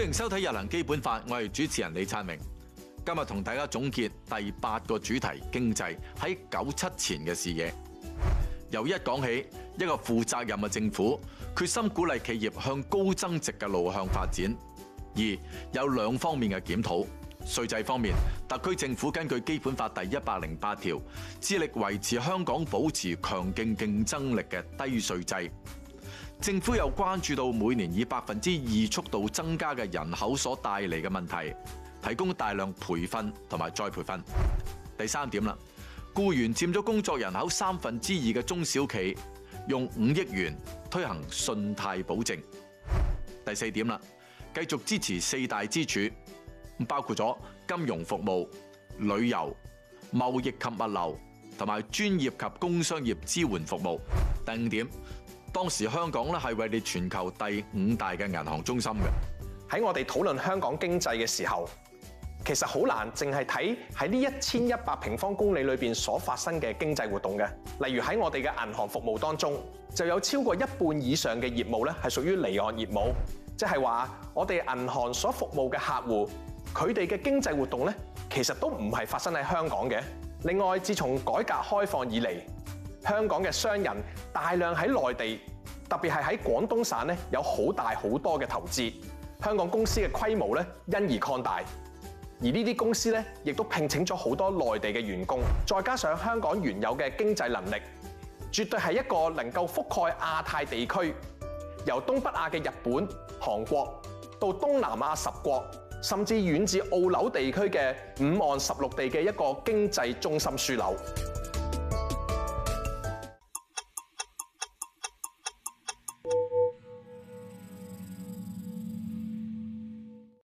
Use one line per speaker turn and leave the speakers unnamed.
歡迎收睇《日行基本法》，我係主持人李燦榮。今日同大家總結第八個主題：經濟喺九七前嘅視野。由一講起，一個負責任嘅政府決心鼓勵企業向高增值嘅路向發展。二有兩方面嘅檢討，稅制方面，特區政府根據《基本法》第一百零八條，致力維持香港保持強勁競爭力嘅低稅制。政府又關注到每年以百分之二速度增加嘅人口所帶嚟嘅問題，提供大量培訓同埋再培訓。第三點啦，僱員佔咗工作人口三分之二嘅中小企，用五億元推行信貸保證。第四點啦，繼續支持四大支柱，包括咗金融服務、旅遊、貿易及物流同埋專業及工商業支援服務。第五點。當時香港咧係位列全球第五大嘅銀
行中心嘅。喺我哋討論香港經濟嘅時候，其實好難淨係睇喺呢一千一百平方公里裏邊所發生嘅經濟活動嘅。例如喺我哋嘅銀行服務當中，就有超過一半以上嘅業務咧係屬於離岸業務，即係話我哋銀行所服務嘅客戶，佢哋嘅經濟活動咧其實都唔係發生喺香港嘅。另外，自從改革開放以嚟，香港嘅商人大量喺內地，特別係喺廣東省咧，有好大好多嘅投資，香港公司嘅規模咧因而擴大，而呢啲公司咧亦都聘請咗好多內地嘅員工，再加上香港原有嘅經濟能力，絕對係一個能夠覆蓋亞太地區，由東北亞嘅日本、韓國到東南亞十國，甚至遠至澳紐地區嘅五岸十六地嘅一個經濟中心樞紐。